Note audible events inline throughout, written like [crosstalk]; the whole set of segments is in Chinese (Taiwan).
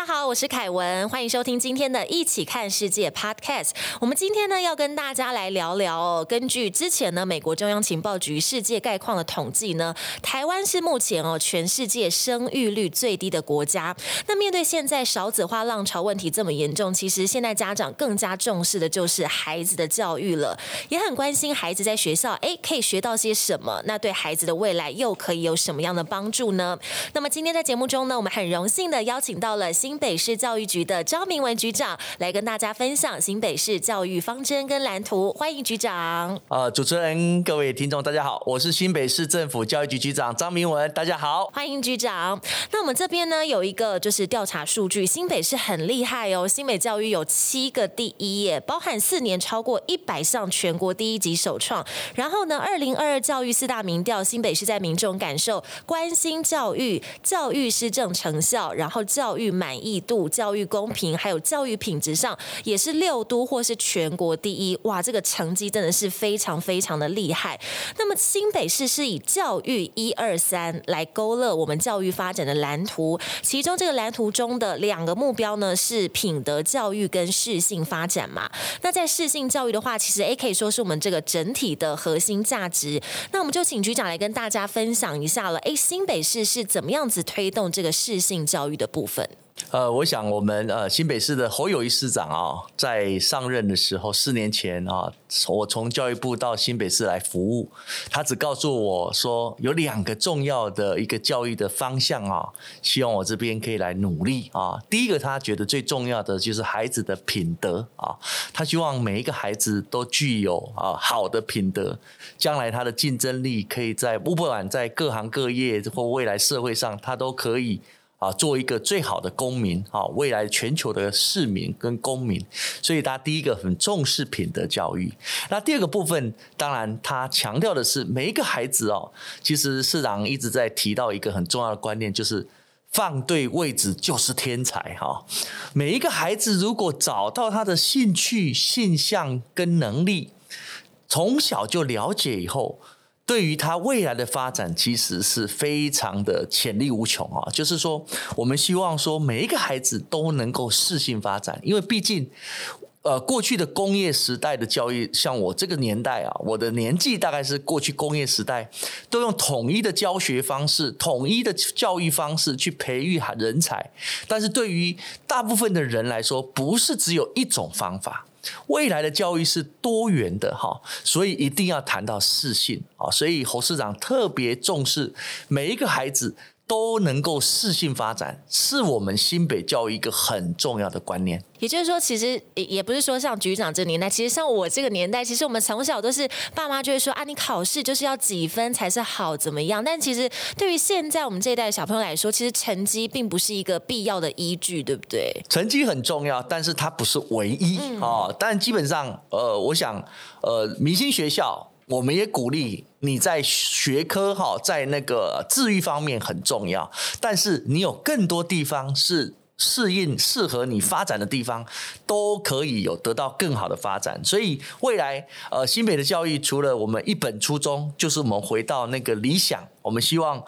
大家好，我是凱雯，歡迎收聽今天的益起看世界 Podcast。我們今天呢要跟大家來聊聊，哦。根據之前呢美國中央情報局世界概況的統計呢，台灣是目前哦全世界生育率最低的國家。那面對現在少子化浪潮問題這麼嚴重，其實現在家長更加重視的就是孩子的教育了，也很關心孩子在學校誒可以學到些什麼，那對孩子的未來又可以有什麼樣的幫助呢？那麼今天在節目中呢，我們很榮幸的邀請到了新。新北市教育局的張明文局長來跟大家分享新北市教育方針跟藍圖，歡迎局長。呃，主持人、各位聽眾大家好，我是新北市政府教育局局長張明文，大家好，歡迎局長。那我們這邊呢有一個就是調查數據，新北市很厲害哦，新北教育有七個第一，包含四年超過一百項全國第一級首創。然後呢，二零二二教育四大民調，新北市在民眾感受、關心教育、教育施政成效，然後教育滿。義度教育公平，還有教育品質上也是六都或是全國第一，哇，這個成績真的是非常非常的厲害。那麼新北市是以教育一二三來勾勒我們教育發展的藍圖，其中這個藍圖中的兩個目標呢是品德教育跟適性發展嘛。那在適性教育的話，其實也可以說是我們這個整體的核心價值。那我們就請局長來跟大家分享一下了。誒，新北市是怎麼樣子推動這個適性教育的部分？呃，我想我們呃新北市的侯友宜市長啊，在上任的時候四年前啊，我從教育部到新北市來服務，他只告訴我說有兩個重要的一個教育的方向啊，希望我這邊可以來努力啊。第一個他覺得最重要的就是孩子的品德啊，他希望每一個孩子都具有啊好的品德，將來他的競爭力可以在不管在各行各業或未來社會上，他都可以。啊，做一個最好的公民啊，未來全球的市民跟公民，所以他第一個很重視品德教育。那第二個部分，當然他強調的是每一個孩子哦。其實市長一直在提到一個很重要的觀念，就是放對位置就是天才哈。每一個孩子如果找到他的興趣、性向跟能力，從小就了解以後。對於他未來的發展，其實是非常的潛力無窮啊！就是說，我們希望說每一個孩子都能夠適性發展，因為畢竟，呃，過去的工業時代的教育，像我這個年代啊，我的年紀大概是過去工業時代，都用統一的教學方式、統一的教育方式去培育人才。但是對於大部分的人來說，不是只有一種方法。未來的教育是多元的哈，所以一定要談到適性啊，所以侯市長特別重視每一個孩子，都能夠適性發展，是我們新北教育一個很重要的觀念。也就是說，其實也也不是說像局長這年代，其實像我這個年代，其實我們從小都是爸媽就會說啊，你考試就是要幾分才是好，怎麼樣？但其實對於現在我們這一代的小朋友來說，其實成績並不是一個必要的依據，對不對？成績很重要，但是它不是唯一啊。嗯。哦，但基本上，呃，我想，呃，明星學校。我們也鼓勵你在學科哈，在那個智育方面很重要，但是你有更多地方是適應、適合你發展的地方，都可以有得到更好的發展。所以未來呃，新北的教育，除了我們一本初衷，就是我們回到那個理想，我們希望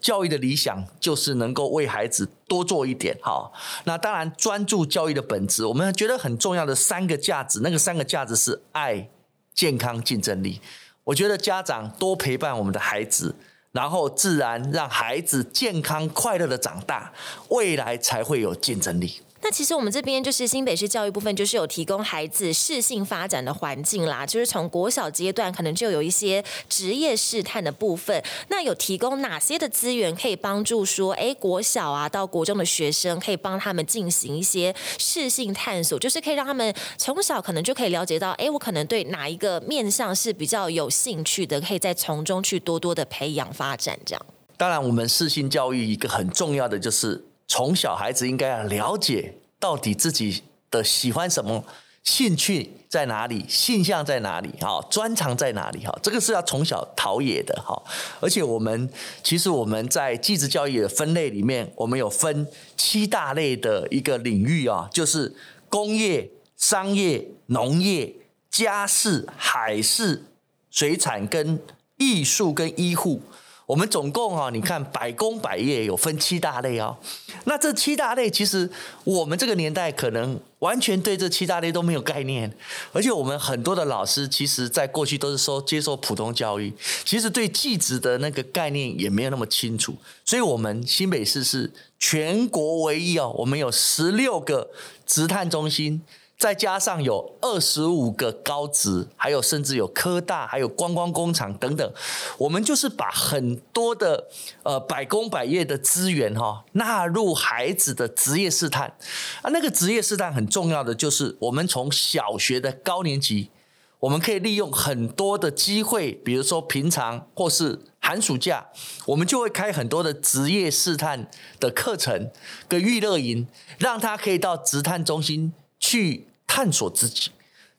教育的理想就是能夠為孩子多做一點。好，那當然，專注教育的本質，我們覺得很重要的三個價值，那個三個價值是愛、健康、競爭力。我覺得家長多陪伴我們的孩子，然後自然讓孩子健康快樂的長大，未來才會有競爭力。那其實我們這邊就是新北市教育部分，就是有提供孩子適性發展的環境啦，就是從國小階段可能就有一些職業試探的部分。那有提供哪些的資源可以幫助說，哎，國小啊到國中的學生，可以幫他們進行一些適性探索，就是可以讓他們從小可能就可以了解到，哎，我可能對哪一個面向是比較有興趣的，可以再從中去多多的培養發展這樣。當然，我們適性教育一個很重要的就是。從小孩子應該要了解到底自己的喜歡什麼，興趣在哪裡，性向在哪裡，哈，專長在哪裡，哈，這個是要從小陶冶的，哈。而且我們其實我們在技職教育的分類裡面，我們有分七大類的一個領域啊，就是工業、商業、農業、家事、海事、水產跟藝術跟醫護。我們總共啊，你看百工百業有分七大類哦。那這七大類，其實我們這個年代可能完全對這七大類都沒有概念。而且我們很多的老師，其實在過去都是說接受普通教育，其實對技職的那個概念也沒有那麼清楚。所以，我們新北市是全國唯一哦，我們有十六個職探中心。再加上有二十五個高職，還有甚至有科大，還有觀光工廠等等，我們就是把很多的呃百工百業的資源哈、哦、納入孩子的職業試探啊。那個職業試探很重要的就是，我們從小學的高年級，我們可以利用很多的機會，比如說平常或是寒暑假，我們就會開很多的職業試探的課程跟育樂營，讓他可以到職探中心。去探索自己，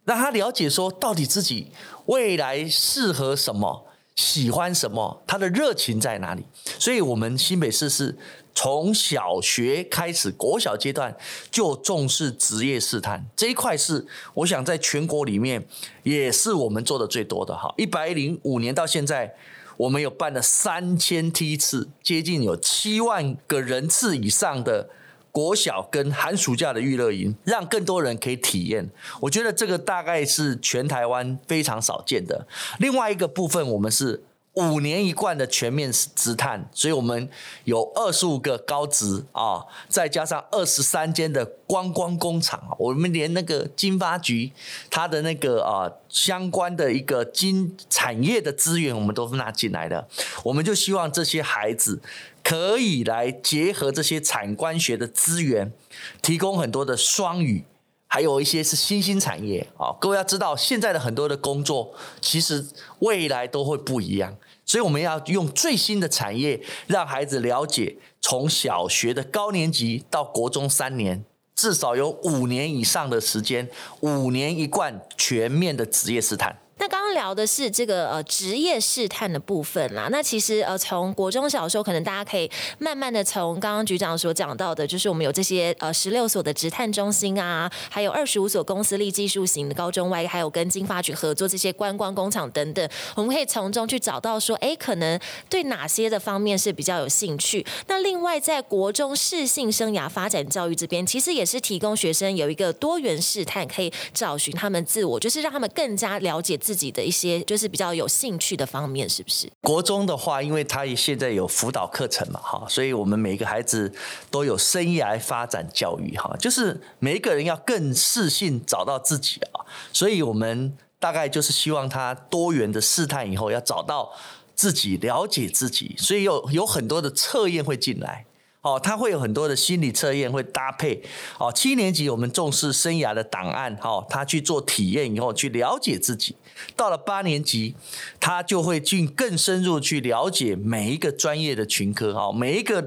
讓他了解說到底自己未來適合什麼，喜歡什麼，他的熱情在哪裡。所以，我們新北市是從小學開始，國小階段就重視職業試探這一塊是，是我想在全國裡面也是我們做的最多的哈。一百零五年到現在，我們有辦了三千梯次，接近有七萬個人次以上的。國小跟寒暑假的娛樂營，讓更多人可以體驗，我覺得這個大概是全台灣非常少見的。另外一個部分，我們是。五年一貫的全面試探，所以我們有二十五個高職啊，再加上二十三間的觀光工廠，我們連那個經發局它的那個啊，相關的一個經產業的資源，我們都是拿進來的。我們就希望這些孩子可以來結合這些產官學的資源，提供很多的雙語，還有一些是新興產業啊。各位要知道，現在的很多的工作，其實未來都會不一樣。所以我們要用最新的產業，讓孩子了解，從小學的高年級到國中三年，至少有五年以上的時間，五年一貫全面的職業試探。那剛剛聊的是這個呃職業試探的部分啦、啊。那其實呃從國中小時候，可能大家可以慢慢的從剛剛局長所講到的，就是我們有這些呃十六所的職探中心啊，還有二十五所公私立技術型的高中外，還有跟金發局合作這些觀光工廠等等，我們可以從中去找到說，哎、欸，可能對哪些的方面是比較有興趣。那另外在國中適性生涯發展教育這邊，其實也是提供學生有一個多元試探，可以找尋他們自我，就是讓他們更加了解。自己的一些就是比較有興趣的方面，是不是？國中的話，因為他也現在有輔導課程嘛，哈，所以我們每一個孩子都有生涯發展教育，哈，就是每一個人要更適性找到自己啊，所以我們大概就是希望他多元的試探以後要找到自己，了解自己，所以有有很多的測驗會進來。哦，他會有很多的心理測驗會搭配。哦，七年級我們重視生涯的檔案，哦，他去做體驗以後去了解自己。到了八年級，他就會進更深入去了解每一個專業的群科，哦，每一個。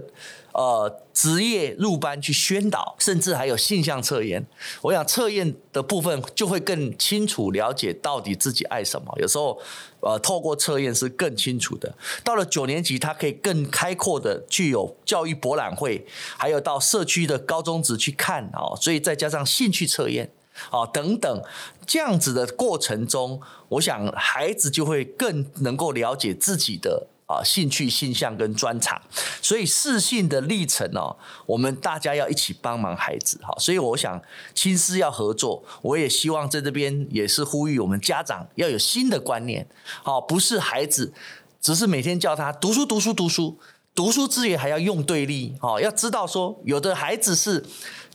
呃，職業入班去宣導，甚至還有性向測驗。我想測驗的部分就會更清楚了解到底自己愛什麼。有時候，呃，透過測驗是更清楚的。到了九年級，他可以更開闊的去有教育博覽會，還有到社區的高中職去看哦。所以再加上興趣測驗哦等等這樣子的過程中，我想孩子就會更能夠了解自己的。啊，興趣、性向跟專長，所以適性的歷程哦，我們大家要一起幫忙孩子哈，所以我想，親師要合作，我也希望在這邊也是呼籲我們家長要有新的觀念，好、哦，不是孩子只是每天叫他讀書、讀書、讀書，讀書，讀書之餘還要用對力，好、哦，要知道說有的孩子是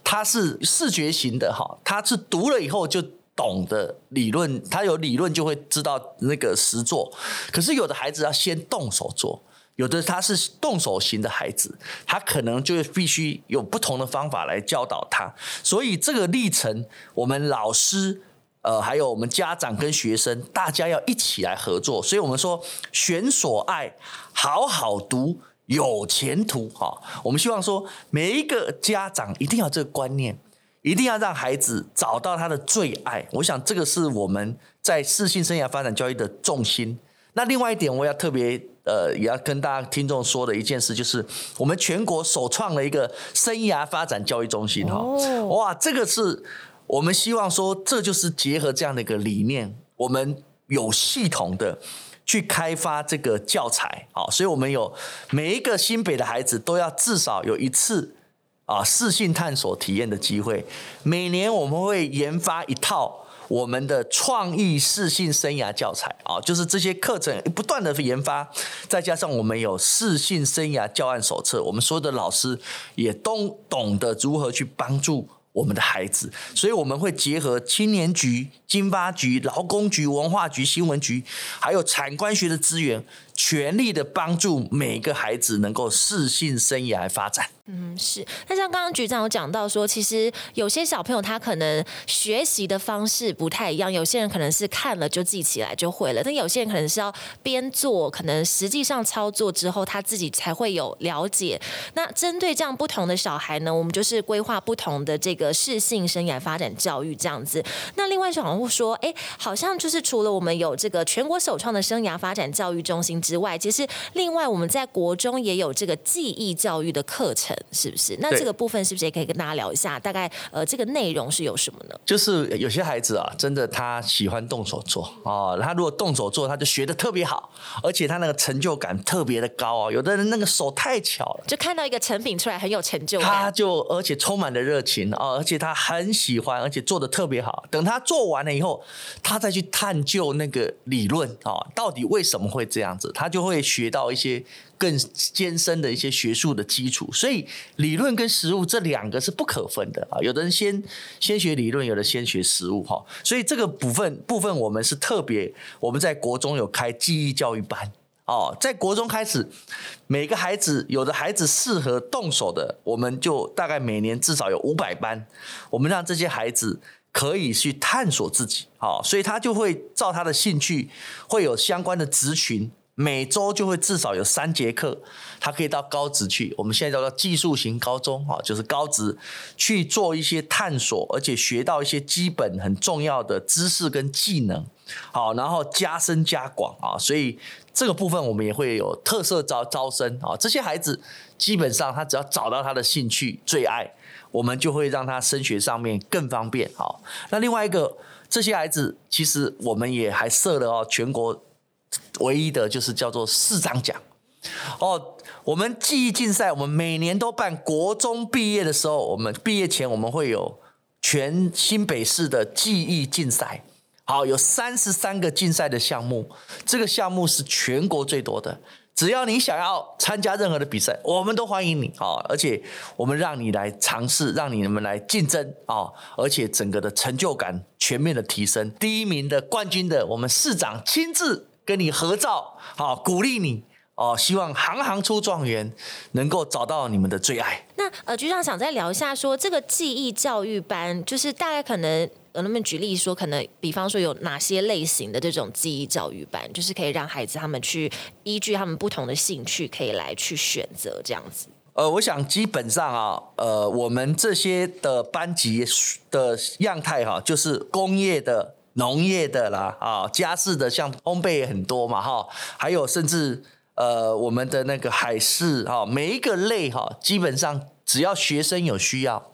他是視覺型的哈、哦，他是讀了以後就。懂得理論，他有理論就會知道那個實作。可是有的孩子要先動手做，有的他是動手型的孩子，他可能就會必須有不同的方法來教導他。所以這個歷程，我們老師、呃，還有我們家長跟學生，大家要一起來合作。所以我們說，選所愛，好好讀，有前途。哈、哦，我們希望說，每一個家長一定要這個觀念。一定要讓孩子找到他的最愛。我想這個是我們在適性生涯發展教育的重心。那另外一點，我要特別呃，也要跟大家聽眾說的一件事，就是我們全國首創了一個生涯發展教育中心哈。Oh. 哇，這個是我們希望說，這就是結合這樣的一個理念，我們有系統的去開發這個教材。好，所以我們有每一個新北的孩子都要至少有一次。啊，適性探索體驗的機會，每年我們會研發一套我們的創意適性生涯教材啊，就是這些課程不斷的研發，再加上我們有適性生涯教案手冊，我們所有的老師也都懂得如何去幫助我們的孩子，所以我們會結合青年局、經發局、勞工局、文化局、新聞局，還有產官學的資源。全力的幫助每一個孩子能夠適性生涯發展。嗯，是。那像剛剛局長有講到說，其實有些小朋友他可能學習的方式不太一樣，有些人可能是看了就記起來就會了，但有些人可能是要邊做，可能實際上操作之後他自己才會有了解。那針對這樣不同的小孩呢，我們就是規劃不同的這個適性生涯發展教育這樣子。那另外小紅我說，哎、欸，好像就是除了我們有這個全國首創的生涯發展教育中心。之外，其實另外我們在國中也有這個技藝教育的課程，是不是？那這個部分是不是也可以跟大家聊一下？對大概呃，這個內容是有什麼呢？就是有些孩子啊，真的他喜歡動手做哦，他如果動手做，他就學得特別好，而且他那個成就感特別的高哦。有的人那個手太巧了，就看到一個成品出來很有成就感，他就而且充滿了熱情哦，而且他很喜歡，而且做得特別好。等他做完了以後，他再去探究那個理論哦，到底為什麼會這樣子？他就會學到一些更艱深的一些學術的基礎，所以理論跟實務這兩個是不可分的啊。有的人先先學理論，有的先學實務哈。所以這個部分部分我們是特別，我們在國中有開技藝教育班哦，在國中開始，每個孩子，有的孩子適合動手的，我們就大概每年至少有五百班，我們讓這些孩子可以去探索自己啊，所以他就會照他的興趣會有相關的職群。每週就會至少有三節課，他可以到高職去，我們現在叫做技術型高中啊，就是高職去做一些探索，而且學到一些基本很重要的知識跟技能，好，然後加深加廣啊，所以這個部分我們也會有特色招招生啊，這些孩子基本上他只要找到他的興趣、最愛，我們就會讓他升學上面更方便啊。那另外一個，這些孩子其實我們也還設了哦，全國。唯一的就是叫做市長獎哦。我們技藝競賽，我們每年都辦。國中畢業的時候，我們畢業前，我們會有全新北市的技藝競賽。好，有三十三個競賽的項目，這個項目是全國最多的。只要你想要參加任何的比賽，我們都歡迎你啊。而且我們讓你來嘗試，讓你們來競爭啊。而且整個的成就感全面的提升。第一名的冠軍的，我們市長親自。跟你合照，好、哦、鼓勵你哦！希望行行出狀元，能夠找到你們的最愛。那呃，局長想再聊一下說，說這個技職教育班，就是大概可能呃，我那麼舉例說，可能比方說有哪些類型的這種技職教育班，就是可以讓孩子他們去依據他們不同的興趣，可以來去選擇這樣子。呃，我想基本上啊，呃，我們這些的班級的樣態哈、啊，就是工業的。農業的啦，啊，家事的像烘焙也很多嘛，哈，還有甚至呃，我們的那個海事，哈，每一個類哈，基本上只要學生有需要，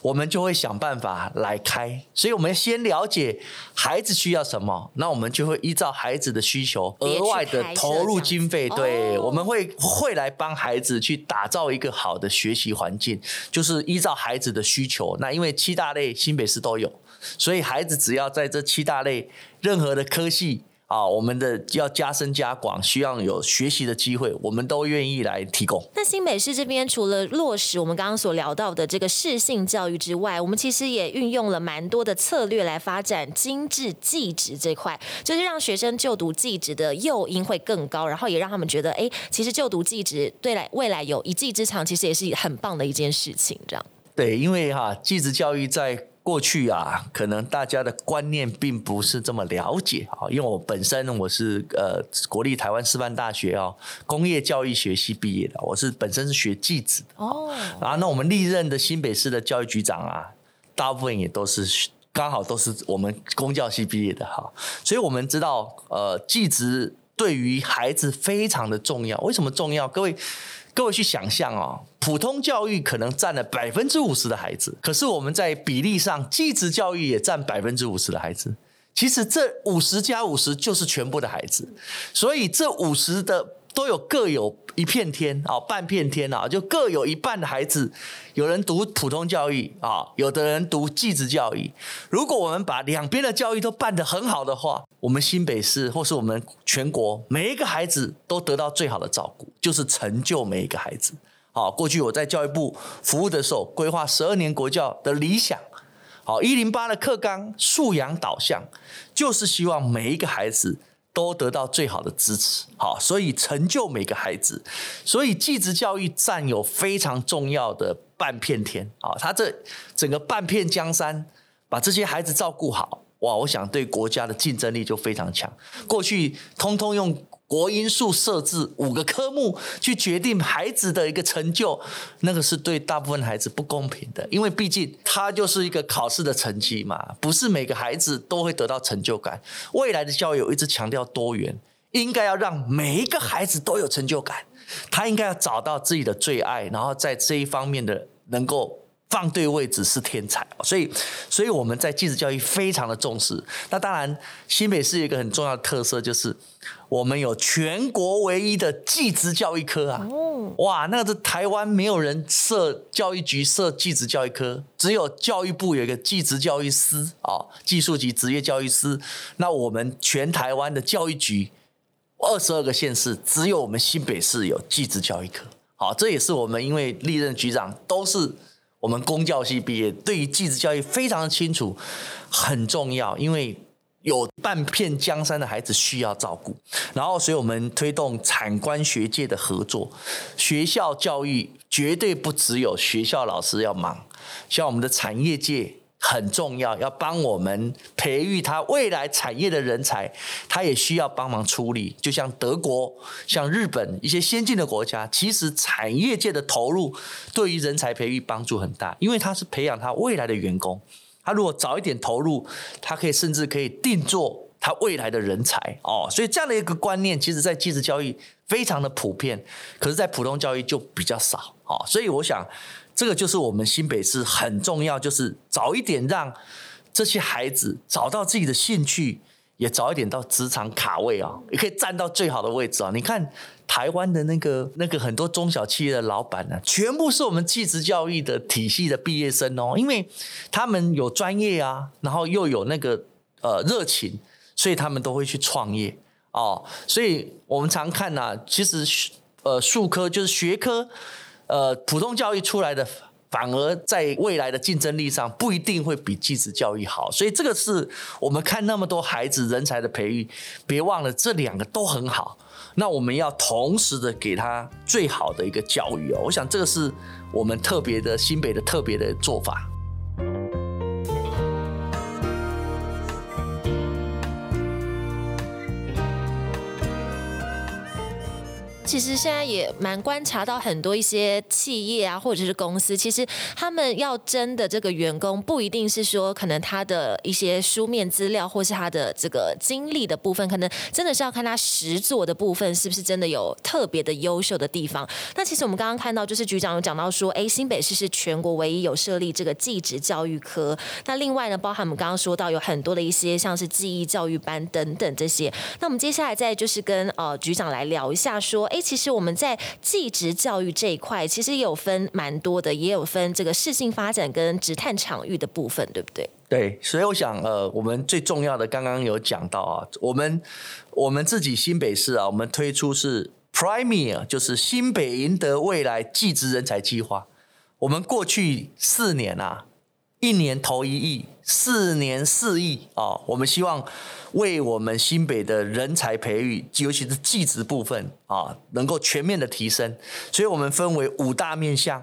我們就會想辦法來開。所以我們先了解孩子需要什麼，那我們就會依照孩子的需求額外的投入經費，哦、對，我們會會來幫孩子去打造一個好的學習環境，就是依照孩子的需求。那因為七大類新北市都有。所以孩子只要在這七大類任何的科系啊，我們的要加深加廣，需要有學習的機會，我們都願意來提供。那新北市這邊除了落實我們剛剛所聊到的這個適性教育之外，我們其實也運用了蠻多的策略來發展精緻技職這塊，就是讓學生就讀技職的誘因會更高，然後也讓他們覺得，哎，其實就讀技職對來未來有一技之長，其實也是很棒的一件事情，這樣。對，因為哈、啊、技職教育在。過去啊，可能大家的觀念並不是這麼了解啊。因為我本身我是呃國立台灣師範大學哦工業教育學系畢業的，我是本身是學技職的哦。啊，然後那我們歷任的新北市的教育局長啊，大部分也都是剛好都是我們工教系畢業的哈。所以，我們知道呃技職對於孩子非常的重要。為什麼重要？各位，各位去想象哦。普通教育可能占了百分之五十的孩子，可是我們在比例上，技職教育也占百分之五十的孩子。其實這五十加五十就是全部的孩子，所以這五十的都有各有一片天啊、哦，半片天啊、哦，就各有一半的孩子，有人讀普通教育啊、哦，有的人讀技職教育。如果我們把兩邊的教育都辦得很好的話，我們新北市或是我們全國每一個孩子都得到最好的照顧，就是成就每一個孩子。好，過去我在教育部服務的時候，規劃十二年國教的理想。好，一零八的課綱素養導向，就是希望每一個孩子都得到最好的支持。好，所以成就每個孩子，所以技職教育占有非常重要的半片天。好，他這整個半片江山，把這些孩子照顧好，哇，我想對國家的競爭力就非常強。過去通通用，國英數設置五個科目，去決定孩子的一個成就，那個是對大部分孩子不公平的，因為畢竟他就是一個考試的成績嘛，不是每個孩子都會得到成就感。未來的教育我一直強調多元，應該要讓每一個孩子都有成就感，他應該要找到自己的最愛，然後在這一方面的能夠。放對位置是天才，所以所以我們在技職教育非常的重視。那當然，新北市有一個很重要的特色就是我們有全國唯一的技職教育科啊！哇，那這台灣沒有人設教育局設技職教育科，只有教育部有一個技職教育司啊，技術及職業教育司。那我們全台灣的教育局二十二個縣市，只有我們新北市有技職教育科。好，這也是我們因為歷任局長都是。我們公教系畢業，對於技職教育非常的清楚，很重要，因為有半片江山的孩子需要照顧，然後，所以我們推動產官學界的合作。學校教育絕對不只有學校老師要忙，像我們的產業界。很重要，要幫我們培育他未來產業的人才，他也需要幫忙處理，就像德國、像日本一些先進的國家，其實產業界的投入對於人才培育幫助很大，因為他是培養他未來的員工。他如果早一點投入，他可以甚至可以定做他未來的人才哦。所以這樣的一個觀念，其實在技職教育非常的普遍，可是，在普通教育就比較少哦。所以我想。這個就是我們新北市很重要，就是早一點讓這些孩子找到自己的興趣，也早一點到職場卡位啊、哦，也可以站到最好的位置啊、哦。你看台灣的那個那個很多中小企業的老闆呢、啊，全部是我們技職教育的體系的畢業生哦，因為他們有專業啊，然後又有那個呃熱情，所以他們都會去創業哦。所以我們常看吶、啊，其實呃數科就是學科。呃，普通教育出來的反而在未來的競爭力上不一定會比技職教育好，所以這個是我們看那麼多孩子人才的培育，別忘了這兩個都很好，那我們要同時的給他最好的一個教育，哦，我想這個是我們特別的新北的特別的做法。其實現在也蠻觀察到很多一些企業啊，或者是公司，其實他們要徵的這個員工，不一定是說可能他的一些書面資料，或是他的這個經歷的部分，可能真的是要看他實作的部分是不是真的有特別的優秀的地方。那其實我們剛剛看到，就是局長有講到說，哎，新北市是全國唯一有設立這個技職教育科。那另外呢，包含我們剛剛說到有很多的一些像是技藝教育班等等這些。那我們接下來再就是跟呃局長來聊一下說，哎。其實我們在技職教育這一塊，其實也有分蠻多的，也有分這個適性發展跟職探場域的部分，對不對？對，所以我想，呃，我們最重要的，剛剛有講到啊，我們我們自己新北市啊，我們推出是 PRIME，就是新北贏得未來技職人才計劃，我們過去四年啊，一年投一億。四年四億啊！我們希望為我們新北的人才培育，尤其是技職部分啊，能夠全面的提升。所以，我們分為五大面向：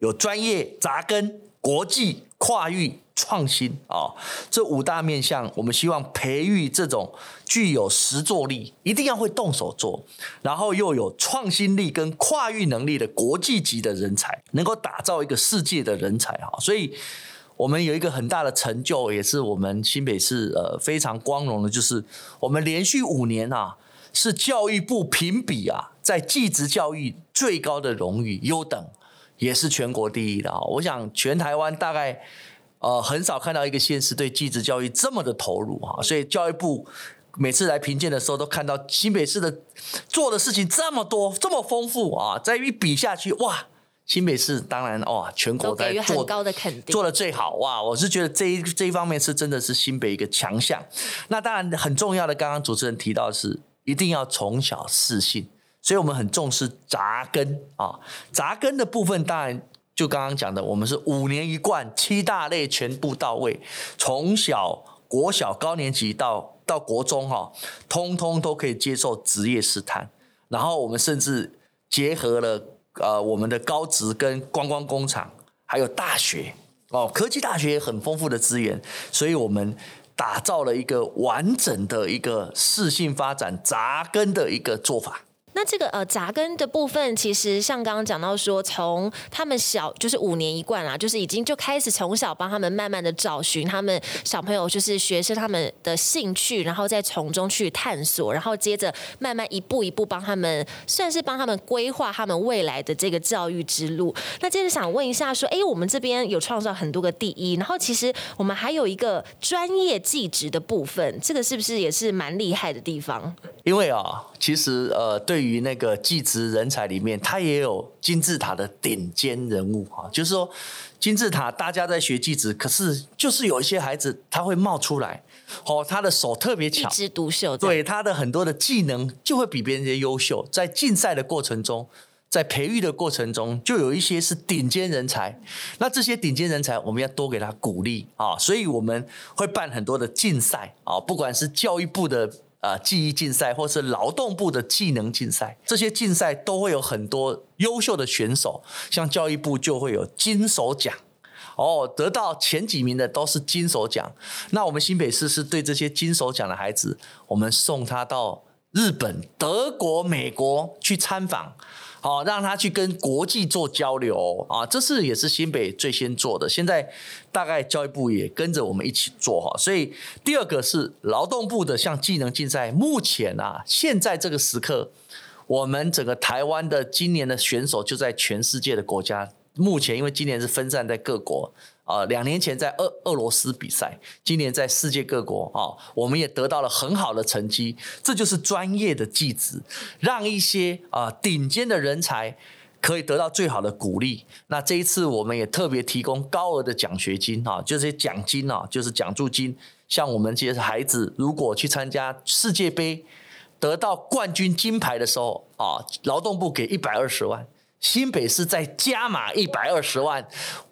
有專業扎根、國際跨域、創新啊。這五大面向，我們希望培育這種具有實作力、一定要會動手做，然後又有創新力跟跨域能力的國際級的人才，能夠打造一個世界的人才啊！所以。我們有一個很大的成就，也是我們新北市呃非常光榮的，就是我們連續五年啊，是教育部評比啊，在技職教育最高的榮譽優等，也是全國第一的啊。我想全台灣大概呃很少看到一個縣市對技職教育這麼的投入啊，所以教育部每次來評鑑的時候，都看到新北市的做的事情這麼多這麼豐富啊，再一比下去哇。新北市當然哇，全國在做很高的肯定做的最好哇！我是覺得這一，這一方面是真的是新北一個強項。那當然很重要的，剛剛主持人提到的是一定要從小適性，所以我們很重視扎根啊。扎根、哦、扎根的部分，當然就剛剛講的，我們是五年一貫，七大類全部到位，從小國小高年級到到國中哈、哦，通通都可以接受職業試探。然後我們甚至結合了。呃，我們的高職跟觀光工廠，還有大學哦，科技大學也很豐富的資源，所以我們打造了一個完整的一個適性發展扎根的一個做法。那這個呃扎根的部分，其實像剛剛講到說，從他們小就是五年一貫啦、啊，就是已經就開始從小幫他們慢慢的找尋他們小朋友就是學生他們的興趣，然後再從中去探索，然後接着慢慢一步一步幫他們，算是幫他們規劃他們未來的這個教育之路。那接着想問一下說，哎，我們這邊有創造很多個第一，然後其實我們還有一個專業技職的部分，這個是不是也是蠻厲害的地方？因為啊，其實呃，對於於那個技職人才裡面，他也有金字塔的頂尖人物哈。就是說，金字塔大家在學技職，可是就是有一些孩子他會冒出來，哦，他的手特別巧，一枝獨秀。對，對，他的很多的技能就會比別人優秀。在競賽的過程中，在培育的過程中，就有一些是頂尖人才。那這些頂尖人才，我們要多給他鼓勵啊。所以我們會辦很多的競賽啊，不管是教育部的。啊，技藝、呃、競賽或是勞動部的技能競賽，這些競賽都會有很多優秀的選手。像教育部就會有金手獎，哦，得到前幾名的都是金手獎。那我們新北市是對這些金手獎的孩子，我們送他到日本、德國、美國去參訪。好、哦，讓他去跟國際做交流啊，這是也是新北最先做的，現在大概教育部也跟着我們一起做哈，所以第二個是勞動部的，像技能競賽，目前啊，現在這個時刻，我們整個台灣的今年的選手就在全世界的國家，目前因為今年是分散在各國。啊，兩年前在俄俄羅斯比賽，今年在世界各國啊，我們也得到了很好的成績。這就是專業的技職，讓一些啊頂尖的人才可以得到最好的鼓勵。那這一次我們也特別提供高額的獎學金啊，就是獎金啊，就是獎助金。像我們這些孩子，如果去參加世界杯得到冠軍金牌的時候啊，勞動部給一百二十萬。新北市再加碼一百二十萬，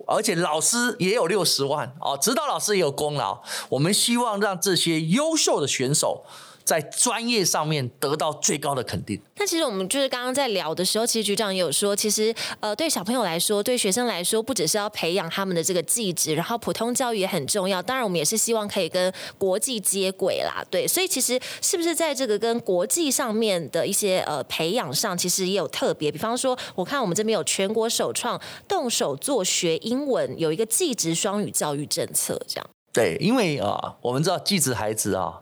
而且老師也有六十萬哦，指導老師也有功勞。我們希望讓這些優秀的選手。在專業上面得到最高的肯定。那其實我們就是剛剛在聊的時候，其實局長也有說，其實呃，對小朋友來說，對學生來說，不只是要培養他們的這個技職，然後普通教育也很重要。當然，我們也是希望可以跟國際接軌啦，對。所以其實是不是在這個跟國際上面的一些呃培養上，其實也有特別。比方說，我看我們這邊有全國首創動手做學英文，有一個技職雙語教育政策，這樣。對，因為啊，我們知道技職孩子啊。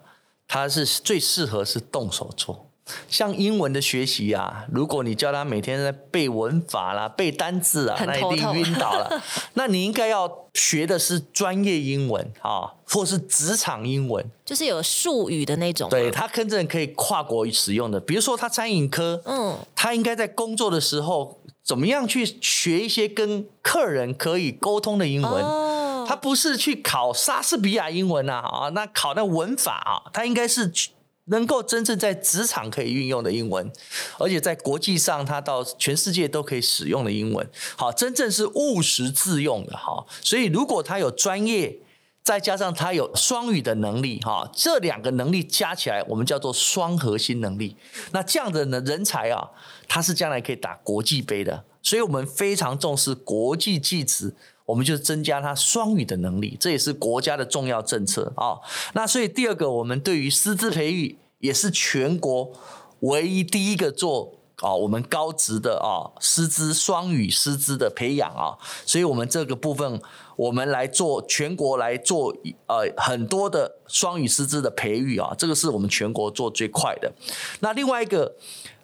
他是最適合是動手做，像英文的學習啊，如果你教他每天在背文法啦、背單字啊，那一定暈倒了。 [laughs] 那你應該要學的是專業英文啊，或是職場英文，就是有術語的那種。對，他真正可以跨國使用的，比如說他餐飲科，嗯，他應該在工作的時候怎麼樣去學一些跟客人可以溝通的英文。哦他不是去考莎士比亞英文吶，啊，那考那文法啊，他應該是能夠真正在職場可以運用的英文，而且在國際上，他到全世界都可以使用的英文，好，真正是務實自用的哈。所以，如果他有專業，再加上他有雙語的能力哈，這兩個能力加起來，我們叫做雙核心能力。那這樣的人才啊，他是將來可以打國際盃的。所以我們非常重視國際技職我們就是增加它雙語的能力，這也是國家的重要政策啊。那所以第二個，我們對於師資培育也是全國唯一第一個做啊，我們高職的啊，師資雙語師資的培養啊。所以我們這個部分，我們來做全國來做呃很多的雙語師資的培育啊，這個是我們全國做最快的。那另外一個，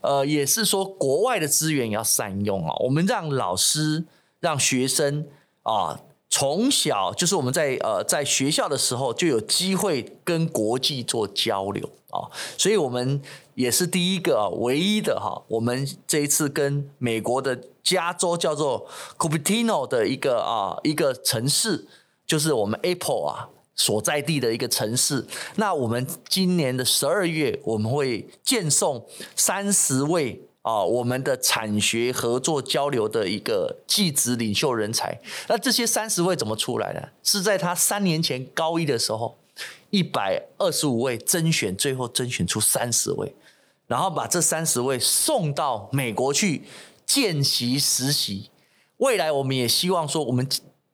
呃，也是說國外的資源要善用啊，我們讓老師讓學生。啊，從小就是我們在呃在學校的時候就有機會跟國際做交流啊，所以我們也是第一個、啊、唯一的哈、啊，我們這一次跟美國的加州叫做 Cupertino 的一個啊一個城市，就是我們 Apple 啊所在地的一個城市。那我們今年的十二月，我們會薦送三十位。啊、哦，我們的產學合作交流的一個技職領袖人才，那這些三十位怎麼出來的？是在他三年前高一的時候，一百二十五位甄選，最後甄選出三十位，然後把這三十位送到美國去見習實習。未來我們也希望說，我們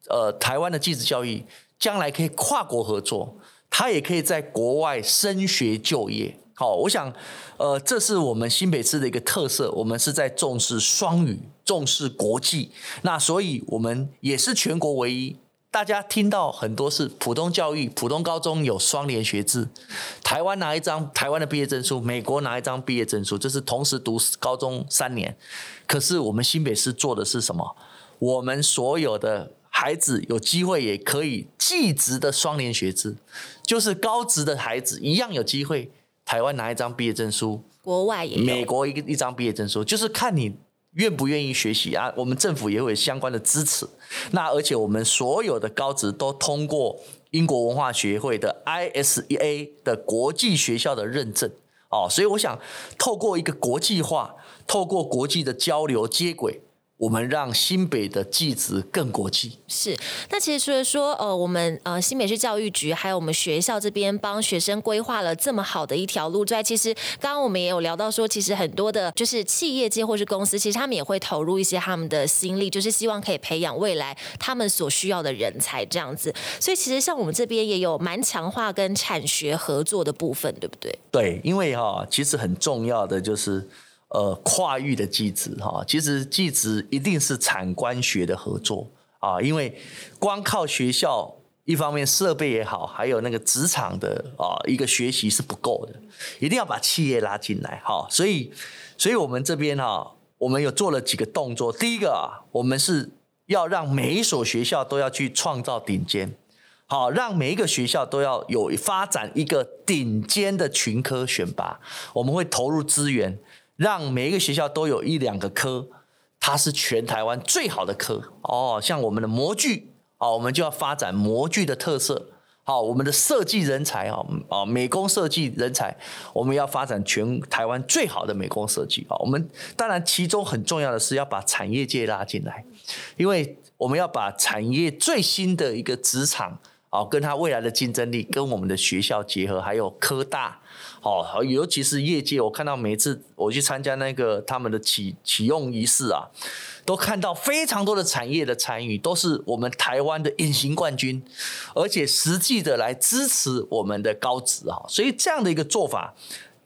呃台灣的技職教育將來可以跨國合作，他也可以在國外升學就業。好，我想，呃，這是我們新北市的一個特色，我們是在重視雙語，重視國際。那所以，我們也是全國唯一。大家聽到很多是普通教育、普通高中有雙聯學制，台灣拿一張台灣的畢業證書，美國拿一張畢業證書，這，就是同時讀高中三年。可是我們新北市做的是什麼？我們所有的孩子有機會也可以技職的雙聯學制，就是高職的孩子一樣有機會。台灣拿一張畢業證書，國外也，美國一個一張畢業證書，就是看你願不願意學習啊。我們政府也會有相關的支持。那而且我們所有的高職都通過英國文化學會的 ISEA 的國際學校的認證哦。所以我想，透過一個國際化，透過國際的交流接軌。我們讓新北的技職更國際。是，那其實除了說，呃，我們呃新北市教育局還有我們學校這邊幫學生規劃了這麼好的一條路之外，在其實剛剛我們也有聊到說，其實很多的，就是企業界或是公司，其實他們也會投入一些他們的心力，就是希望可以培養未來他們所需要的人才這樣子。所以其實像我們這邊也有蠻強化跟產學合作的部分，對不對？對，因為哈、哦，其實很重要的就是，呃，跨域的技職哈，其實技職一定是產官學的合作啊，因為光靠學校一方面設備也好，還有那個職場的啊，一個學習是不夠的，一定要把企業拉進來哈。所以，所以我們這邊哈，我們有做了幾個動作。第一個啊，我們是要讓每一所學校都要去創造頂尖，好，讓每一個學校都要有發展一個頂尖的群科選拔，我們會投入資源。讓每一個學校都有一兩個科，它是全台灣最好的科哦。像我們的模具哦，我們就要發展模具的特色。好、哦，我們的設計人才啊，啊、哦，美工設計人才，我們要發展全台灣最好的美工設計啊、哦。我們當然其中很重要的是要把產業界拉進來，因為我們要把產業最新的一個職場啊、哦，跟它未來的競爭力跟我們的學校結合，還有科大。好，尤其是業界，我看到每一次我去參加那個他們的啟啟用儀式啊，都看到非常多的產業的參與，都是我們台灣的隱形冠軍，而且實際的來支持我們的高職哈。所以這樣的一個做法，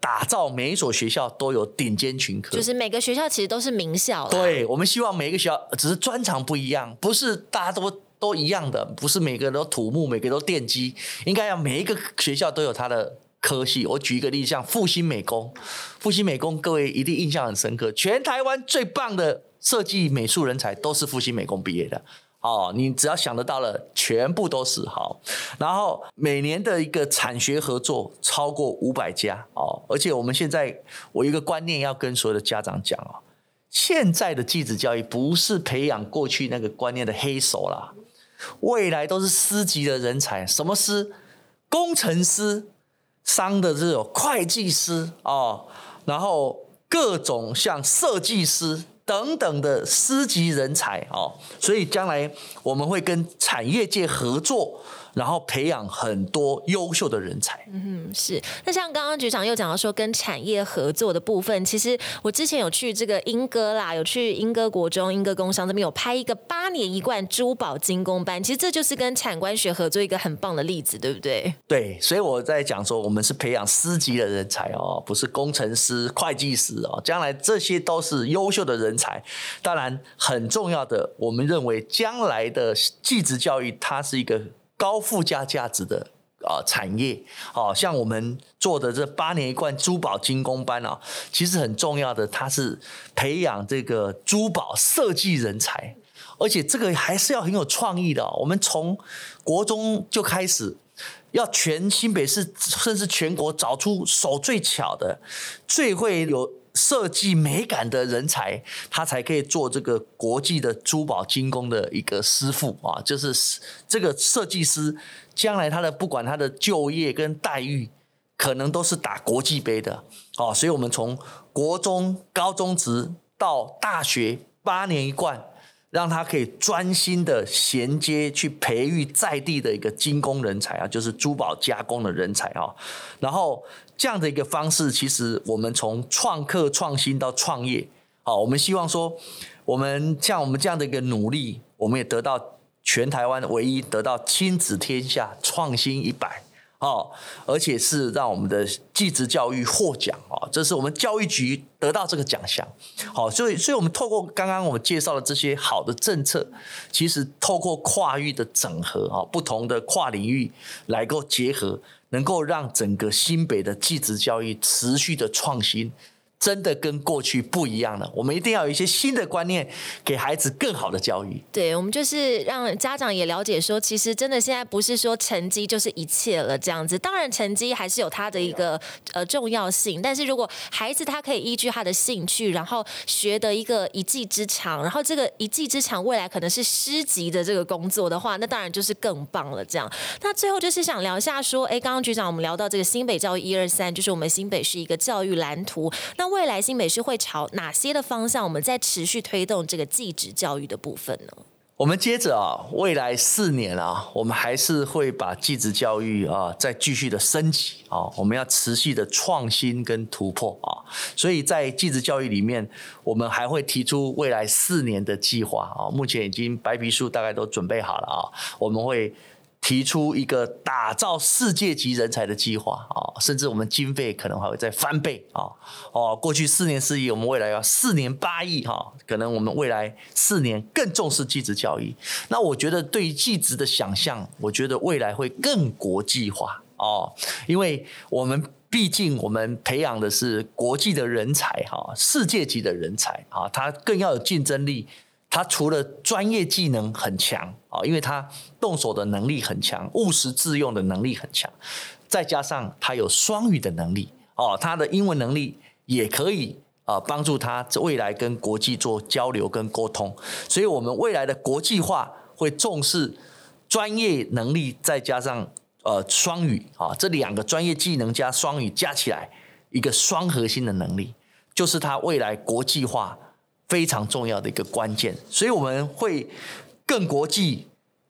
打造每一所學校都有頂尖群科，就是每個學校其實都是名校。對，我們希望每一個學校只是專長不一樣，不是大家都都一樣的，不是每個人都土木，每個都電機，應該要每一個學校都有它的科系，我舉一個例子，像復興美工，復興美工，各位一定印象很深刻，全台灣最棒的設計美術人才都是復興美工畢業的哦。你只要想得到了，全部都是好。然後每年的一個產學合作超過五百家哦，而且我們現在，我一個觀念要跟所有的家長講哦，現在的技職教育不是培養過去那個觀念的黑手啦，未來都是師級的人才，什麼師？工程師。商的這種會計師啊、哦，然後各種像設計師等等的師級人才啊、哦。所以將來我們會跟產業界合作。然後培養很多優秀的人才。嗯哼，是。那像剛剛局長又講到說，跟產業合作的部分，其實我之前有去這個鶯歌啦，有去鶯歌國中、鶯歌工商這邊有拍一個八年一貫珠寶金工班，其實這就是跟產官學合作一個很棒的例子，對不對？對，所以我在講說，我們是培養師級的人才哦，不是工程師、會計師哦，將來這些都是優秀的人才。當然，很重要的，我們認為將來的技職教育，它是一個。高附加價值的啊產業，啊，像我們做的這八年一貫珠寶精工班啊，其實很重要的，它是培養這個珠寶設計人才，而且這個還是要很有創意的。我們從國中就開始，要全新北市甚至全國找出手最巧的、最會有設計美感的人才，他才可以做這個國際的珠寶金工的一個師傅啊，就是這個設計師，將來他的不管他的就業跟待遇，可能都是打國際杯的哦、啊，所以我們從國中、高中職到大學，八年一貫。讓他可以專心的銜接去培育在地的一個金工人才啊，就是珠寶加工的人才啊。然後這樣的一個方式，其實我們從創客創新到創業，好，我們希望說，我們像我們這樣的一個努力，我們也得到全台灣唯一得到親子天下創新一百。哦，而且是讓我們的技職教育獲獎哦，這是我們教育局得到這個獎項。好，所以，所以，我們透過剛剛我們介紹的這些好的政策，其實透過跨域的整合啊，不同的跨領域來夠結合，能夠讓整個新北的技職教育持續的創新。真的跟過去不一樣了，我們一定要有一些新的觀念，給孩子更好的教育。對，我們就是讓家長也了解說，其實真的現在不是說成績就是一切了，這樣子。當然，成績還是有它的一個、啊、呃重要性，但是如果孩子他可以依據他的興趣，然後學得一個一技之長，然後這個一技之長未來可能是師級的這個工作的話，那當然就是更棒了。這樣。那最後就是想聊一下說，哎，剛剛局長我們聊到這個新北教育一二三，就是我們新北是一個教育藍圖，那。未來新北市會朝哪些的方向？我們在持續推動這個技職教育的部分呢？我們接着啊，未來四年啊，我們還是會把技職教育啊再繼續的升級啊，我們要持續的創新跟突破啊。所以在技職教育裡面，我們還會提出未來四年的計劃啊，目前已經白皮書大概都準備好了啊，我們會。提出一個打造世界級人才的計劃啊，甚至我們經費可能還會再翻倍啊！哦，過去四年四億，我們未來要四年八億哈，可能我們未來四年更重視技職教育。那我覺得對於技職的想象，我覺得未來會更國際化哦，因為我們畢竟我們培養的是國際的人才哈，世界級的人才啊，他更要有競爭力，他除了專業技能很強。因為他動手的能力很強，務實自用的能力很強，再加上他有雙語的能力，哦，他的英文能力也可以啊，幫助他未來跟國際做交流跟溝通。所以，我們未來的國際化會重視專業能力，再加上呃雙語啊，這兩個專業技能加雙語加起來，一個雙核心的能力，就是他未來國際化非常重要的一個關鍵。所以，我們會。更國際、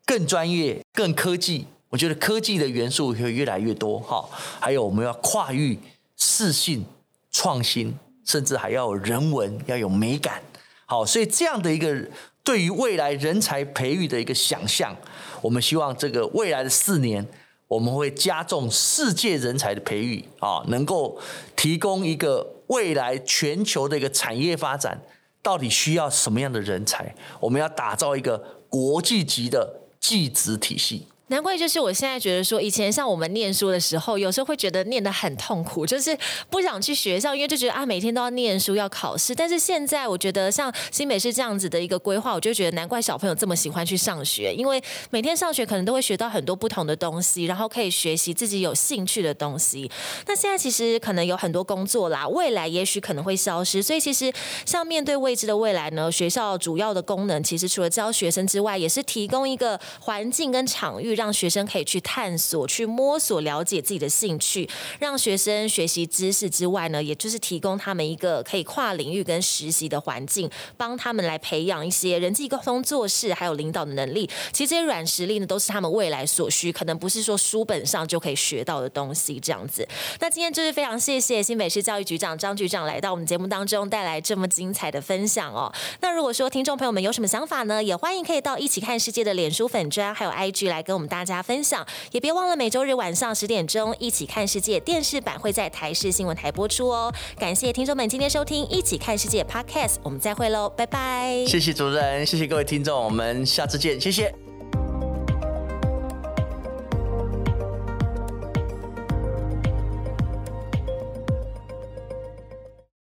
更專業、更科技，我覺得科技的元素會越來越多哈。還有我們要跨域、自信、創新，甚至還要有人文，要有美感。好，所以這樣的一個對於未來人才培育的一個想象，我們希望這個未來的四年，我們會加重師級人才的培育啊，能夠提供一個未來全球的一個產業發展到底需要什麼樣的人才，我們要打造一個。國際級的計值體系。難怪，就是我現在覺得說，以前像我們念書的時候，有時候會覺得念得很痛苦，就是不想去學校，因為就覺得啊，每天都要念書，要考試。但是現在我覺得，像新北市這樣子的一個規劃，我就覺得難怪小朋友這麼喜歡去上學，因為每天上學可能都會學到很多不同的東西，然後可以學習自己有興趣的東西。那現在其實可能有很多工作啦，未來也許可能會消失，所以其實像面對未知的未來呢，學校主要的功能其實除了教學生之外，也是提供一個環境跟場域。讓學生可以去探索、去摸索、了解自己的興趣，讓學生學習知識之外呢，也就是提供他們一個可以跨領域跟實習的環境，幫他們來培養一些人際溝通、做事還有領導的能力。其實這些軟實力呢，都是他們未來所需，可能不是說書本上就可以學到的東西。這樣子，那今天就是非常謝謝新北市教育局長張局長來到我們節目當中，帶來這麼精彩的分享哦。那如果說聽眾朋友們有什麼想法呢，也歡迎可以到益起看世界的臉書粉專還有 IG 來跟我們。大家分享，也別忘了每周日晚上十點鐘益起看世界電視版會在台視新聞台播出哦。感謝聽眾們今天收聽益起看世界 Podcast，我們再會嘍，拜拜！謝謝主持人，謝謝各位聽眾，我們下次見，謝謝。